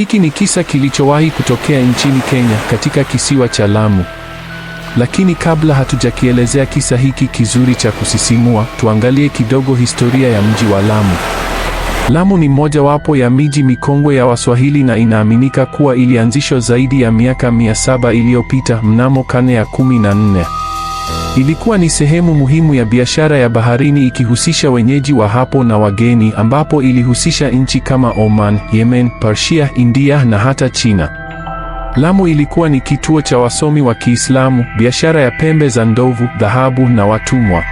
Hiki ni kisa kilichowahi kutokea nchini Kenya katika kisiwa cha Lamu. Lakini kabla hatujakielezea kisa hiki kizuri cha kusisimua, tuangalie kidogo historia ya mji wa Lamu. Lamu ni mojawapo ya miji mikongwe ya Waswahili na inaaminika kuwa ilianzishwa zaidi ya miaka 700 iliyopita mnamo karne ya 14. Ilikuwa ni sehemu muhimu ya biashara ya baharini ikihusisha wenyeji wa hapo na wageni, ambapo ilihusisha nchi kama Oman, Yemen, Persia, India na hata China. Lamu ilikuwa ni kituo cha wasomi wa Kiislamu, biashara ya pembe za ndovu, dhahabu na watumwa.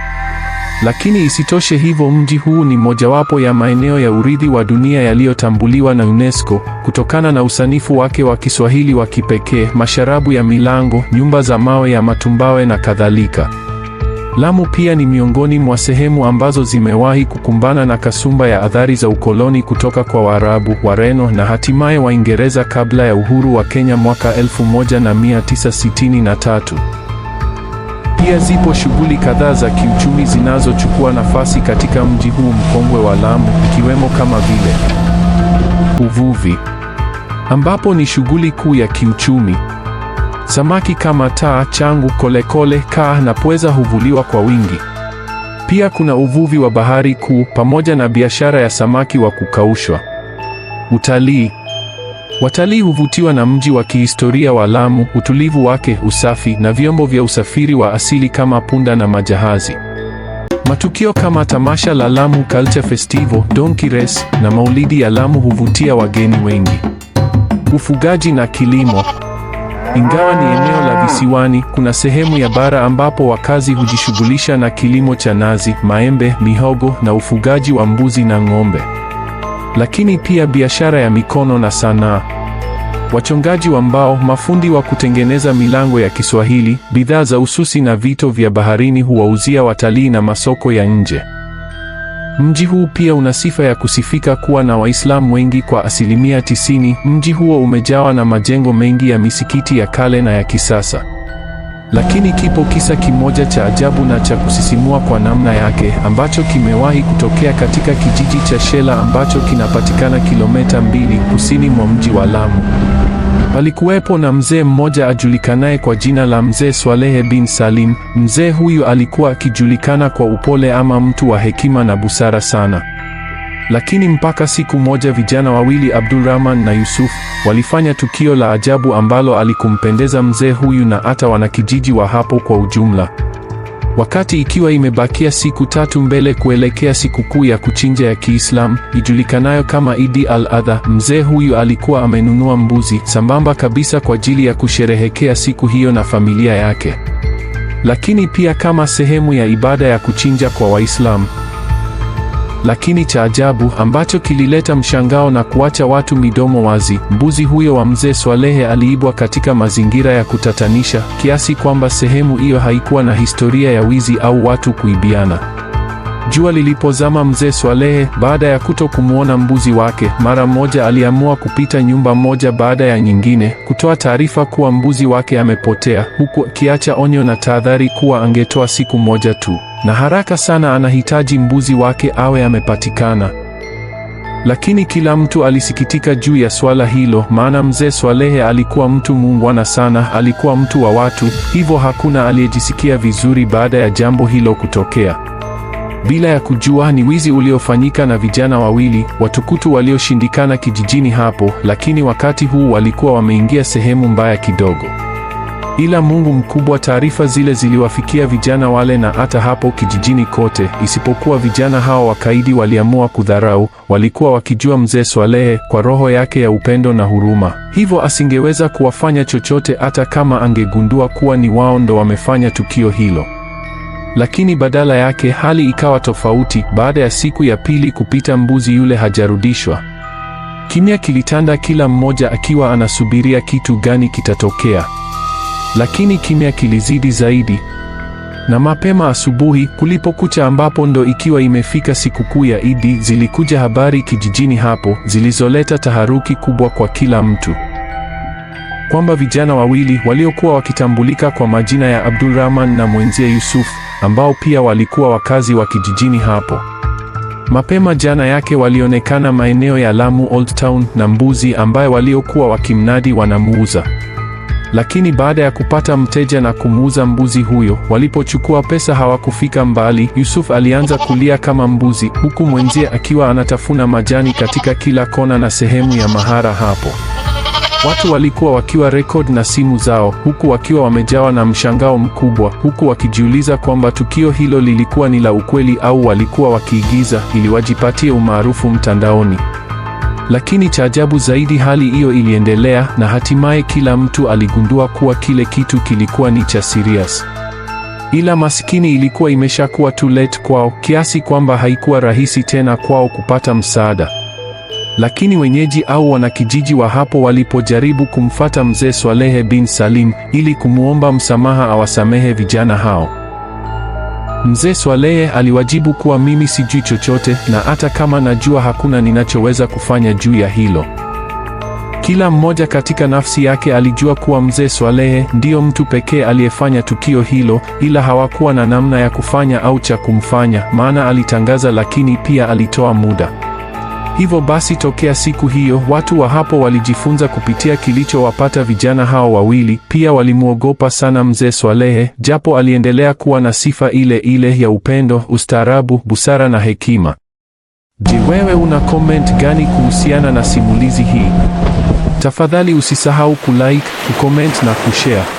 Lakini isitoshe hivyo, mji huu ni mojawapo ya maeneo ya urithi wa dunia yaliyotambuliwa na UNESCO kutokana na usanifu wake wa Kiswahili wa kipekee, masharabu ya milango, nyumba za mawe ya matumbawe na kadhalika. Lamu pia ni miongoni mwa sehemu ambazo zimewahi kukumbana na kasumba ya athari za ukoloni kutoka kwa Waarabu, Wareno na hatimaye Waingereza kabla ya uhuru wa Kenya mwaka 1963. Pia zipo shughuli kadhaa za kiuchumi zinazochukua nafasi katika mji huu mkongwe wa Lamu, ikiwemo kama vile uvuvi, ambapo ni shughuli kuu ya kiuchumi. Samaki kama taa, changu, kolekole, kaa na pweza huvuliwa kwa wingi. Pia kuna uvuvi wa bahari kuu pamoja na biashara ya samaki wa kukaushwa. Utalii Watalii huvutiwa na mji wa kihistoria wa Lamu, utulivu wake, usafi na vyombo vya usafiri wa asili kama punda na majahazi. Matukio kama tamasha la Lamu Culture Festival, Donkey Race na Maulidi ya Lamu huvutia wageni wengi. Ufugaji na kilimo. Ingawa ni eneo la visiwani, kuna sehemu ya bara ambapo wakazi hujishughulisha na kilimo cha nazi, maembe, mihogo na ufugaji wa mbuzi na ng'ombe lakini pia biashara ya mikono na sanaa. Wachongaji wa mbao, mafundi wa kutengeneza milango ya Kiswahili, bidhaa za ususi na vito vya baharini huwauzia watalii na masoko ya nje. Mji huu pia una sifa ya kusifika kuwa na Waislamu wengi kwa asilimia tisini. Mji huo umejawa na majengo mengi ya misikiti ya kale na ya kisasa. Lakini kipo kisa kimoja cha ajabu na cha kusisimua kwa namna yake ambacho kimewahi kutokea katika kijiji cha Shela ambacho kinapatikana kilomita mbili kusini mwa mji wa Lamu. Palikuwepo na mzee mmoja ajulikanaye kwa jina la Mzee Swalehe bin Salim. Mzee huyu alikuwa akijulikana kwa upole ama mtu wa hekima na busara sana. Lakini mpaka siku moja vijana wawili Abdulrahman na Yusuf walifanya tukio la ajabu ambalo alikumpendeza mzee huyu na hata wanakijiji wa hapo kwa ujumla. Wakati ikiwa imebakia siku tatu mbele kuelekea sikukuu ya kuchinja ya Kiislamu ijulikanayo kama Idi al-Adha, mzee huyu alikuwa amenunua mbuzi sambamba kabisa kwa ajili ya kusherehekea siku hiyo na familia yake, lakini pia kama sehemu ya ibada ya kuchinja kwa Waislamu lakini cha ajabu ambacho kilileta mshangao na kuacha watu midomo wazi. Mbuzi huyo wa mzee Swalehe aliibwa katika mazingira ya kutatanisha kiasi kwamba sehemu hiyo haikuwa na historia ya wizi au watu kuibiana. Jua lilipozama, mzee Swalehe, baada ya kuto kumwona mbuzi wake, mara moja aliamua kupita nyumba moja baada ya nyingine kutoa taarifa kuwa mbuzi wake amepotea, huku akiacha onyo na tahadhari kuwa angetoa siku moja tu na haraka sana anahitaji mbuzi wake awe amepatikana. Lakini kila mtu alisikitika juu ya swala hilo, maana mzee Swalehe alikuwa mtu muungwana sana, alikuwa mtu wa watu, hivyo hakuna aliyejisikia vizuri baada ya jambo hilo kutokea. Bila ya kujua ni wizi uliofanyika na vijana wawili watukutu walioshindikana kijijini hapo, lakini wakati huu walikuwa wameingia sehemu mbaya kidogo. Ila Mungu mkubwa, taarifa zile ziliwafikia vijana wale na hata hapo kijijini kote, isipokuwa vijana hao wakaidi waliamua kudharau. Walikuwa wakijua mzee Swalehe kwa roho yake ya upendo na huruma, hivyo asingeweza kuwafanya chochote, hata kama angegundua kuwa ni wao ndo wamefanya tukio hilo. Lakini badala yake hali ikawa tofauti. Baada ya siku ya pili kupita, mbuzi yule hajarudishwa. Kimya kilitanda, kila mmoja akiwa anasubiria kitu gani kitatokea. Lakini kimya kilizidi zaidi, na mapema asubuhi kulipokucha, ambapo ndo ikiwa imefika sikukuu ya Idi, zilikuja habari kijijini hapo zilizoleta taharuki kubwa kwa kila mtu kwamba vijana wawili waliokuwa wakitambulika kwa majina ya Abdulrahman na mwenzie Yusuf, ambao pia walikuwa wakazi wa kijijini hapo, mapema jana yake walionekana maeneo ya Lamu Old Town na mbuzi ambaye waliokuwa wakimnadi wanamuuza. Lakini baada ya kupata mteja na kumuuza mbuzi huyo, walipochukua pesa hawakufika mbali. Yusuf alianza kulia kama mbuzi, huku mwenzie akiwa anatafuna majani katika kila kona na sehemu ya mahara hapo. Watu walikuwa wakiwa rekod na simu zao huku wakiwa wamejawa na mshangao mkubwa, huku wakijiuliza kwamba tukio hilo lilikuwa ni la ukweli au walikuwa wakiigiza ili wajipatie umaarufu mtandaoni. Lakini cha ajabu zaidi, hali hiyo iliendelea na hatimaye kila mtu aligundua kuwa kile kitu kilikuwa ni cha Sirius, ila maskini ilikuwa imeshakuwa too late kwao, kiasi kwamba haikuwa rahisi tena kwao kupata msaada. Lakini wenyeji au wanakijiji wa hapo walipojaribu kumfata mzee Swalehe bin Salim ili kumwomba msamaha awasamehe vijana hao Mzee Swalehe aliwajibu kuwa mimi sijui chochote na hata kama najua hakuna ninachoweza kufanya juu ya hilo. Kila mmoja katika nafsi yake alijua kuwa Mzee Swalehe ndiyo mtu pekee aliyefanya tukio hilo, ila hawakuwa na namna ya kufanya au cha kumfanya, maana alitangaza, lakini pia alitoa muda. Hivyo basi tokea siku hiyo watu wa hapo walijifunza kupitia kilichowapata vijana hao wawili. Pia walimwogopa sana mzee Swalehe, japo aliendelea kuwa na sifa ile ile ya upendo, ustaarabu, busara na hekima. Je, wewe una comment gani kuhusiana na simulizi hii? Tafadhali usisahau kulike, kucomment na kushare.